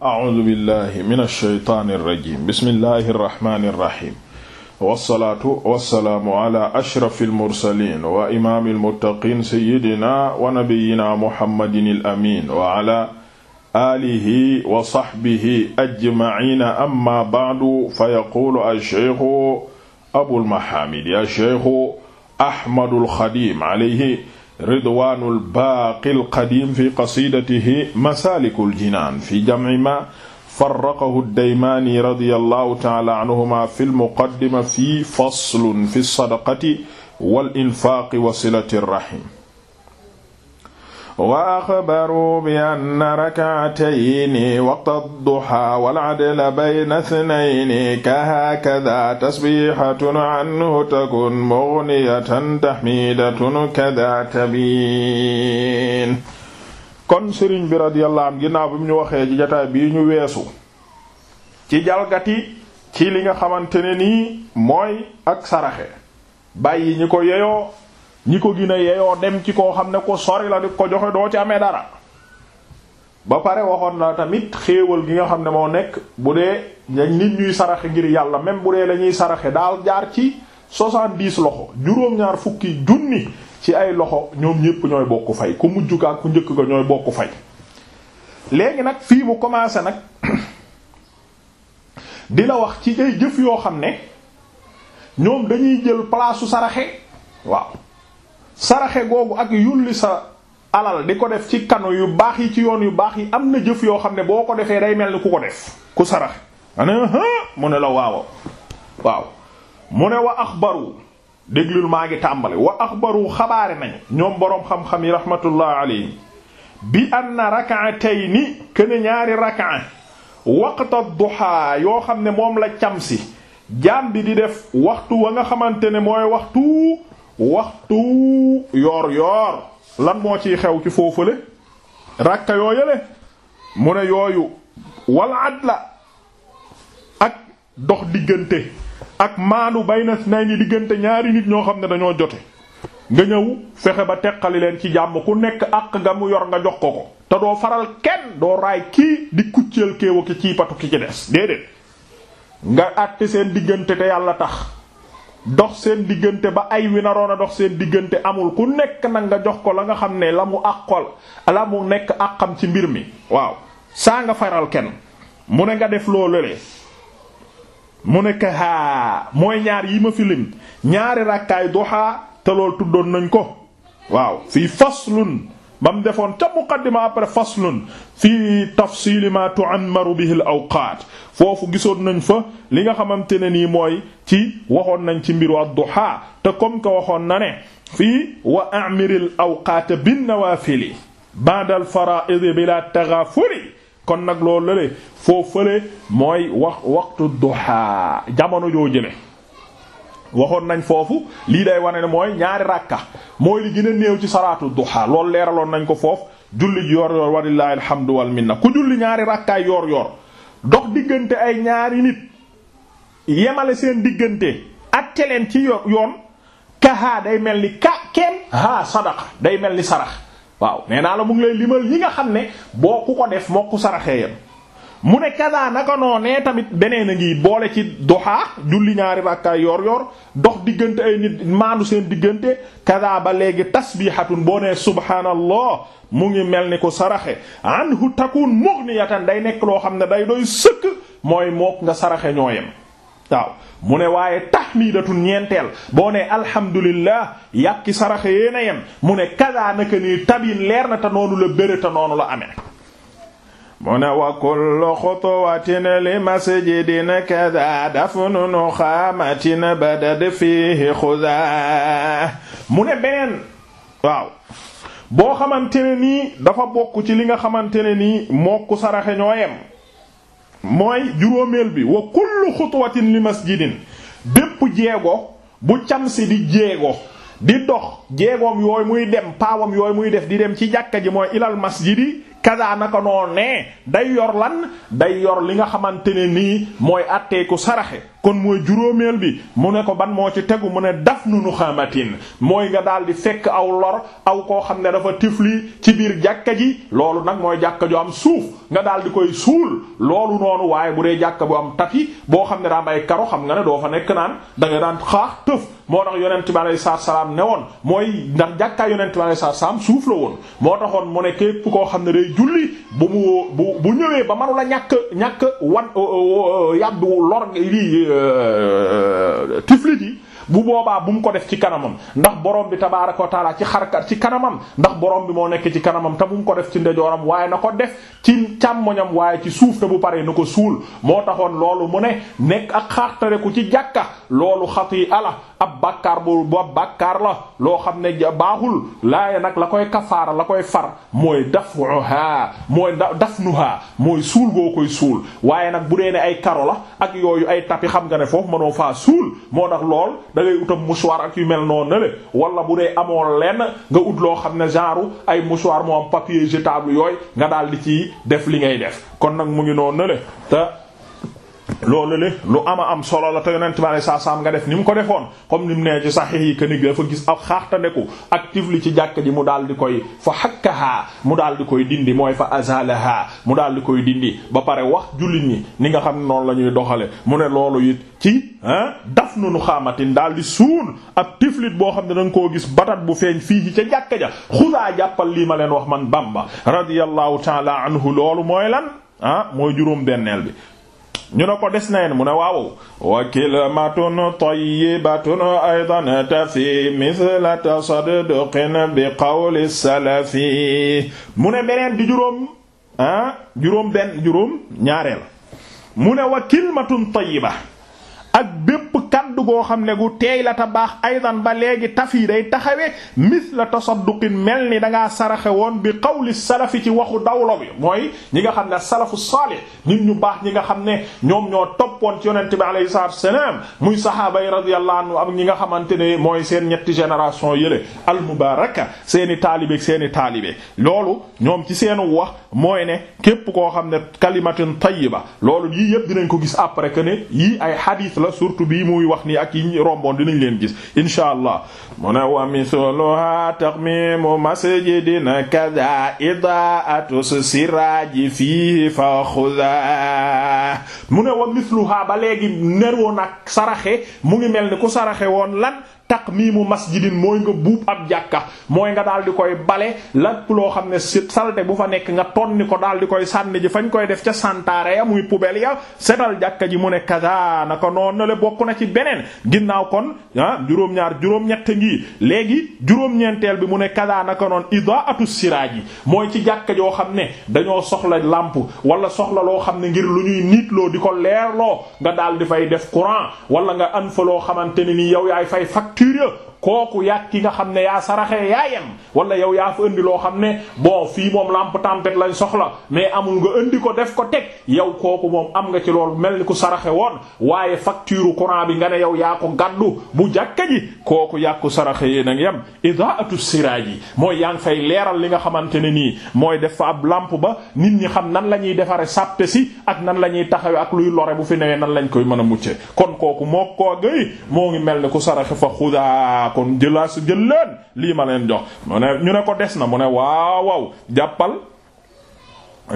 a'uudu billahi min alsheytaani irrajim bismillahi irrahmani irrahim wassalaatu wassalaamu ala ashrafi almursalin wa imaami almuttaqin sayidina wa nabiyina muhammadin alamin wa ala aalihi wa saxbihi ajmaciina amma bacdu fa yaquulu alceykhu abulmahaamidi alceykhu ahmadulxadim alayhi ridwaanul baaqil qadiim fi qasiidatihi masaalikul jinaan fi jam'i maa farraqahu ad-daymaani radiyallahu ta'aala anhumaa fil muqaddima fi faslun fi sadaqati wal infaaqi wa silati rahim wa axbaru bi anna rak'atayni waqta ad-duha wal adla bayna ithnayni ka hakadha tasbihatun anhu takun mughniyatan tahmidatun kadha tabin kon sëriñ bi radiyallahu anhu bi mu ñu waxee ci jotaay bii ñu weesu ci jalgati ci li nga xamante ne nii mooy ak saraxe bàyyi ñi ko yeyoo ñi ko gina a dem ci koo xam ne ko sori la di ko joxe doo ci amee dara ba pare waxoon na tamit xéewal gi nga xam ne moo nekk bu dee nit ñuy saraxe ngir yàlla même bu dee la ñuy saraxe daal jaar ci soixante-dix loxo juróom-ñaar fukki junni ci ay loxo ñoom ñépp ñooy bokk fay ku mujj ka ku njëkk ko ñooy bokk fay léegi nag fii mu commencé nag di la wax ci ay jëf yoo xam ne ñoom dañuy jël palaasu saraxe waaw saraxe googu ak yulli sa alal di ko def ci kanu yu baax yi ci yoon yu baax yi am na jëf yoo xam ne boo ko defee day mel ni ku ko def ku saraxe mu ne la waaw waaw mu ne wa axbaru déglul maa ngi tàmbale wa axbaru xabaare nañu ñoom boroom xam-xam yi rahmatullah alayhi bi na anna rak'atayni kene ñaari rak'a waqta duha yoo xam ne moom la cam si jaam bi di def waxtu wa nga xamante ne mooy waxtu waxtu yoor yoor lan moo ciy xew ci foofule rakka yoo yële mu ne yooyu wal adla ak dox diggante ak maanu bay na nay ni diggante ñaari nit ñoo xam ne dañoo jote nga ñëw fexe ba teqali leen ci jàmm ku nekk àq nga mu yor nga jox ko ko te doo faral kenn doo raay kii di kucceel kéewa ki ciipatu ki ci des déedéet nga àtte seen diggante te yàlla tax dox seen diggante ba ay wi naroon a dox seen diggante amul ku nekk nag nga jox ko la nga xam ne la mu àqol la mu nekk àqam ci mbir mi waaw saa nga faral kenn mu ne nga def loolu le mu ne haa mooy ñaar yi ma filim ñaari ràkkaay duhaa te lool tuddoon nañ ko waaw fii faslun ba mu defoon ca muqaddima après faslun fii tafsili ma tu'ammaru bihi al awqaat foofu gisoon nañ fa li nga xamante ne nii mooy ci waxoon nañ ci mbiru ad-duha te comme que waxoon na ne fii wa a'miril awqaata bin nawaafili ba'da al faraa'id bila taghafuli kon nag lool la foo fële mooy wax waxtu duha jamono joo jële waxoon nañ foofu lii day wane ne mooy ñaari rakka mooy li gën a néew ci saraatu duha loolu leeraloon nañ ko foofu julli yor yor walillahi alhamdu wal minna ku julli ñaari rakkaay yoor yor dox diggante ay ñaari nit yemale seen diggante ak teleen ci yoon ka haa day mel ni ka kenn haa sadaqa day mel ni sarax waaw nee naa la mu ngi lay limal yi nga xam ne boo ku ko def moo ku saraxee yam mu ne kadaa naka noonee tamit beneen a ngi boole ci doxaa julli ñaari rakka yor yor dox diggante ay nit maandu seen diggante kadaa ba léegi tasbihatun boo nee subhaanallah mu ngi mel ni ko saraxe anhu takun mughniyatan day nekk loo xam ne day doy sëkk mooy mook nga saraxe ñooyem waaw mu ne waaye tahmidatun ñeenteel boo ne alhamdulillah yàkki saraxe yéena yem mu ne kadaa naka nii tabin leer na te noonu la béré noonu la amee mu ne wa kullu beneen waaw boo xamante nii dafa bokk ci li nga xamante ne nii mokku saraxe mooy juróomeel bi wa kullu xutwatin li masjidin bépp jeego bu camsi di jeego di dox jeegoom yooyu muy dem paawam yooyu muy def di dem ci jàkka ji mooy ilal masjidi kada naka noonu ne day yor lan day yor li nga xamante ne nii mooy àtteeku saraxe kon mooy juróomeel bi mu ne ko ban moo ci tegu mu ne daf nu nu xamatin mooy nga daal di fekk aw lor aw koo xam ne dafa tifli ci biir jàkka ji loolu nag mooy jàkka ju am suuf nga daal di koy suul loolu noonu waaye bu dee jàkka bu am tapi boo xam ne daa may karo xam nga ne doo fa nekk naan da daan xaax tëf moo tax yonent bi alayhi salaam ne woon mooy ndax jàkkaa yonent bi alayhi salaam suuf la woon moo taxoon mu ne képp koo xam ne day julli bu mu bu bu ñëwee ba mënu la ñàkk ñàkk wan euh, euh, euh, yàbbu lor lii Euh, euh, tiflit yi bu boobaa bu mu ko def ci kanamam ndax borom bi tabaaraka wa taala ci xarkat ci kanamam ndax borom bi moo nekk ci kanamam te bu mu ko def ci ndejooram waaye na ko def ci càmmoñam waaye ci suuf te bu paree na ko suul moo taxoon loolu mu ne nekk ak xaartare ku ci jàkka loolu xati ala ab bàkkaar bu ab bàkkaar la loo xam ne baaxul laaye nag la koy kafaara la koy far mooy dafuha mooy dafnuha mooy suul goo koy suul waaye nag bu dee ne ay karo la ak yooyu ay tapi xam nga ne foofu mënoo faa suul moo tax lool da ngay utam mouchoir ak yu mel noonu le wala bu dee amoon lenn nga ut loo xam ne genre ay mouchoir moo am papier jetable yooyu nga daal di ci def li ngay def kon nag mu ngi noonu le te loolu le lu ama am solo la te yonent bi alayhi salaam nga def ni mu ko defoon comme ni mu nee ci saxiix yi que ni dafa gis ak xaaxtandeku ak tifli ci jàkk ji mu daal di koy fa hakkaha mu daal di koy dindi mooy fa azalaha mu daal di koy dindi ba pare wax jullit ñi ni nga xam ne noonu la ñuy doxale mu ne loolu it ci ah daf nu nu xaamatin daal di suul ak tiflit boo xam ne dañ koo gis batat bu feeñ fii ci ca jàkka ja xudaa jàppal lii ma leen wax man Bamba radiyallahu taala anhu loolu mooy lan ah mooy juróom benneel bi ñu ne ko des na yeen mu ne waaw wa kalimatun tayyibatun aydan tafi mithla tasadduqin bi qawli salafi mu ne beneen di juróom ah juróom benn juróom ñaareel mu ne wa kalimatun tayyiba ak bépp kan kàddu goo xam ne gu teey la ta baax aydan ba léegi taf yi day taxawee mis la tasadduqin mel ni da ngaa saraxe woon bi qawli salafi ci waxu dawlo bi mooy ñi nga xam ne salafu saalih nit ñu baax ñi nga xam ne ñoom ñoo toppoon ci yonent bi alayhi salaatu wassalaam muy sahaaba yi radiyallahu anhu ak ñi nga xamante ne mooy seen ñetti génération yële al mubaaraka seeni taalibe ak seeni taalibe loolu ñoom ci seenu wax mooy ne képp koo xam ne kalimatun tayyiba loolu yii yëpp dinañ ko gis après que ne yii ay hadith la surtout bii muy wax ak yi romboon dinañ leen gis insha allah mu ne wa misluha taqmimu masjidin kada idaatus siraji fii fa xuda mu ne wa misluha ba léegi nerwoon ak saraxe mu ngi mel ni ku saraxe woon lan taqmiimu masjidin mooy nga buub ab jàkka mooy nga daal di koy bale lépp loo xam ne salte bu fa nekk nga tonni ko daal di koy sànni ji fañ koy def ca santaare ya muy poubelle ya setal jàkka ji mu ne kaza naka noonu na bokk na ci beneen ginnaaw kon ah juróom-ñaar juróom-ñett ngi léegi juróom-ñeenteel bi mu ne kaza naka noonu idaatu siraaj yi mooy ci jàkka joo xam ne dañoo soxla lampe wala soxla loo xam ne ngir lu ñuy niitloo di ko leerloo nga daal di fay def courant wala nga an yow curieux kooku yàgg ki nga xam ne yaa saraxee yaa yem wala yow yaa fa indi loo xam ne bon fii moom làmp tempête lañ soxla mais amul nga indi ko def ko teg yow kooku moom am nga ci loolu mel ni ku saraxe woon waaye facture courant bi nga ne yow yaa ko gaddu bu jàkka ji kooku yàgku saraxe yee nag yam yem idaatu siraaji mooy yaa ngi fay leeral li nga xamante ne nii mooy def fa ab làmp ba nit ñi xam nan la ñuy defare sàppe si ak nan la ñuy taxawe ak luy lore bu fi newee nan lañ koy mën a mucce kon kooku moo koo gëy moo ngi mel ni ku saraxe naa kon jëlaa sa jël leen lii ma leen jox mu ne ñu ne ko des na mu ne waaw waaw jàppal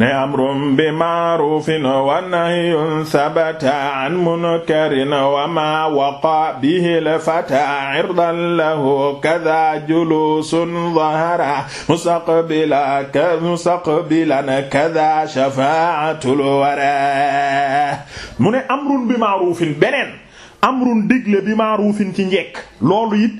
ne amrum bi ma'rufin wa nahyun sabata an munkarin wa ma waqa bihi la fata irdan lahu kadha julusun dhahara mustaqbila ka mustaqbilan kadha shafa'atul wara mu ne amrun bi ma'rufin beneen am amrun digle bi ma'rufin ci njekk loolu it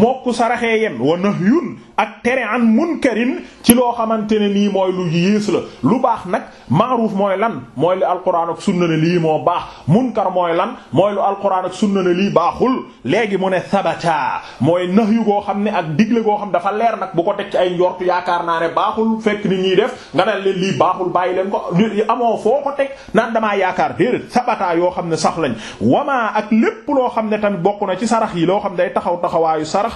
mokk saraxee yem wa nahyun ak tere an munkarin ci loo xamante ne nii mooy lu yées la lu baax nag maaruuf mooy lan mooy lu alquran ak sunna ne lii moo baax munkar mooy lan mooy lu alquran ak sunna ne lii baaxul léegi mu ne sabata mooy nax yu goo xam ne ak digle goo xam dafa leer nag bu ko teg ci ay njortu yaakaar naa ne baaxul fekk nit ñiy def nga ne leen lii baaxul bàyyi leen ko amoo foo ko teg naan damaa yaakaar déedéet sabata yoo xam ne sax lañ wamaa ak lépp loo xam ne tam bokk na ci sarax yi loo xam day taxaw taxawaayu sarax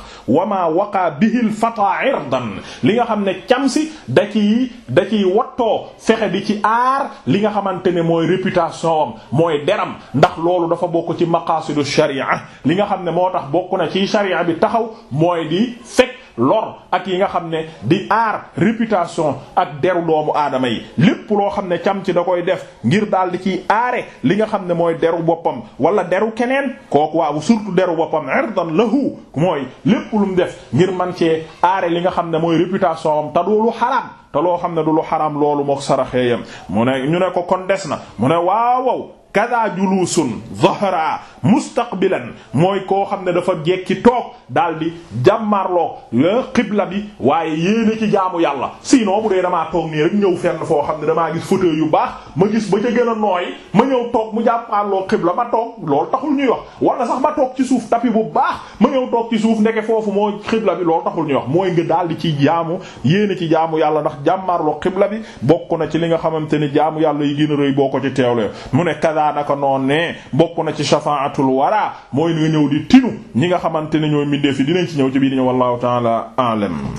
yahfazuha irdan li nga xam ne camsi da ciy da ciy wattoo fexe di ci aar li nga xamante ne mooy réputation am mooy deram ndax loolu dafa bokk ci maqaasidu sharia li nga xam ne moo tax bokk na ci sharia bi taxaw mooy di fekk lor ak yi nga xam ne di aar réputation ak deru doomu aadama yi lépp loo xam ne cam ci da koy def ngir daal di ciy aare li nga xam ne mooy deru boppam wala deru keneen kooku waaw surtout deru boppam irdan lahu mooy lépp lu mu def ngir man cee aare li nga xam ne mooy réputation am te du lu xaraam te loo xam ne du lu xaraam loolu mook saraxeeyam mu ne ñu ne ko kon des na mu ne waaw kada julusun zahra mustaqbilan mooy koo xam ne dafa jekki toog daal di jàmmarloog xibla bi waaye yéene ci jaamu yàlla sinon bu dee damaa toog nii rek ñëw fenn foo xam ne damaa gis fauteuil yu baax ma gis ba ca gën a nooy ma ñëw toog mu jàmmarloog xibla ma toog lool taxul ñuy wax wala sax ma toog ci suuf tapi bu baax ma ñëw toog ci suuf ndeke foofu moo xibla bi loolu taxul ñuy wax mooy nga daal di ci jaamu yéene ci jaamu yàlla ndax jàmmarloog xibla bi bokk na ci li nga xamante ne jaamu yàlla yi gën a boo ko haa naka noon ne bokk na ci shafaatul wara mooy nga ñëw di tinu ñi nga xamante ne ñooy mbindeef yi dinañ ci ñëw ci biir ñëw wallahu taala alam